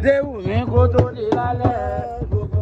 Adéwùmí kó tó di lálẹ́ gbogbo.